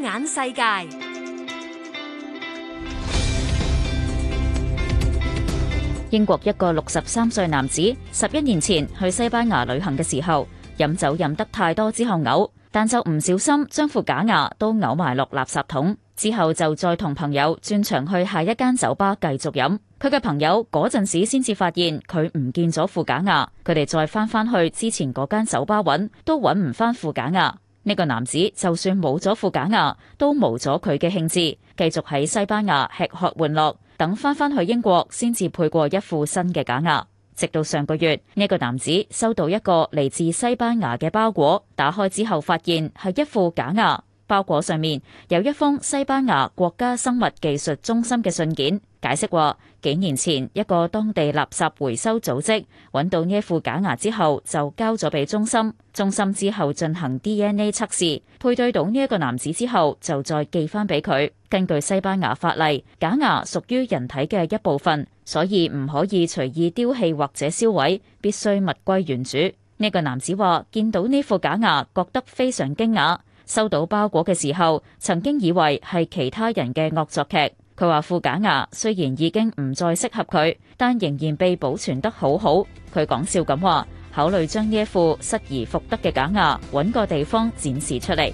眼世界。英國一個六十三歲男子，十一年前去西班牙旅行嘅時候，飲酒飲得太多之後嘔，但就唔小心將副假牙都嘔埋落垃圾桶，之後就再同朋友轉場去下一間酒吧繼續飲。佢嘅朋友嗰陣時先至發現佢唔見咗副假牙，佢哋再翻翻去之前嗰間酒吧揾，都揾唔翻副假牙。呢個男子就算冇咗副假牙，都冇咗佢嘅興致，繼續喺西班牙吃喝玩樂，等翻返去英國先至配過一副新嘅假牙。直到上個月，呢個男子收到一個嚟自西班牙嘅包裹，打開之後發現係一副假牙。包裹上面有一封西班牙國家生物技術中心嘅信件，解釋話幾年前一個當地垃圾回收組織揾到呢副假牙之後，就交咗俾中心。中心之後進行 DNA 測試，配對到呢一個男子之後，就再寄翻俾佢。根據西班牙法例，假牙屬於人體嘅一部分，所以唔可以隨意丟棄或者銷毀，必須物歸原主。呢個男子話見到呢副假牙，覺得非常驚訝。收到包裹嘅時候，曾經以為係其他人嘅惡作劇。佢話：副假牙雖然已經唔再適合佢，但仍然被保存得好好。佢講笑咁話：考慮將呢副失而復得嘅假牙搵個地方展示出嚟。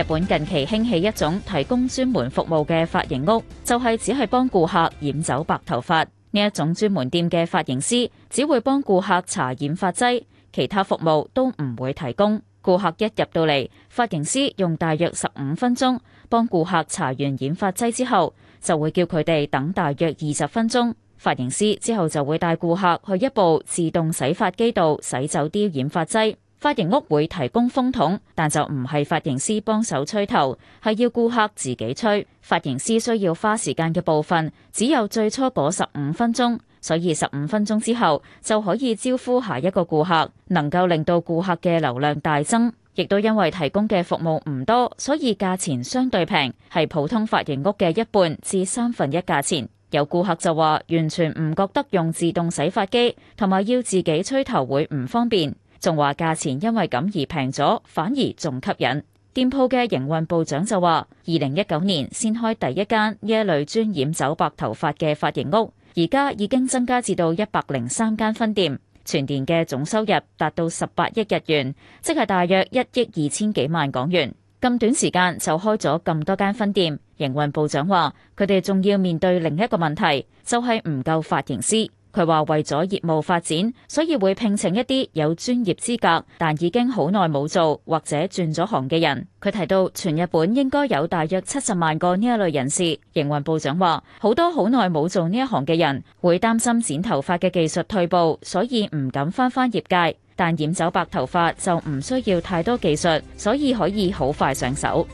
日本近期興起一種提供專門服務嘅髮型屋，就係只係幫顧客染走白頭髮。呢一種專門店嘅髮型師只會幫顧客搽染髮劑，其他服務都唔會提供。顧客一入到嚟，髮型師用大約十五分鐘幫顧客搽完染髮劑之後，就會叫佢哋等大約二十分鐘。髮型師之後就會帶顧客去一部自動洗髮機度洗走啲染髮劑。髮型屋會提供風筒，但就唔係髮型師幫手吹頭，係要顧客自己吹。髮型師需要花時間嘅部分只有最初嗰十五分鐘，所以十五分鐘之後就可以招呼下一個顧客，能夠令到顧客嘅流量大增。亦都因為提供嘅服務唔多，所以價錢相對平，係普通髮型屋嘅一半至三分一價錢。有顧客就話完全唔覺得用自動洗髮機同埋要自己吹頭會唔方便。仲話價錢因為咁而平咗，反而仲吸引。店鋪嘅營運部長就話：二零一九年先開第一間呢一類專染走白頭髮嘅髮型屋，而家已經增加至到一百零三間分店，全年嘅總收入達到十八億日元，即係大約一億二千幾萬港元。咁短時間就開咗咁多間分店，營運部長話佢哋仲要面對另一個問題，就係、是、唔夠髮型師。佢話：為咗業務發展，所以會聘請一啲有專業資格，但已經好耐冇做或者轉咗行嘅人。佢提到，全日本應該有大約七十萬個呢一類人士。營運部長話：好多好耐冇做呢一行嘅人會擔心剪頭髮嘅技術退步，所以唔敢翻返業界。但染走白頭髮就唔需要太多技術，所以可以好快上手。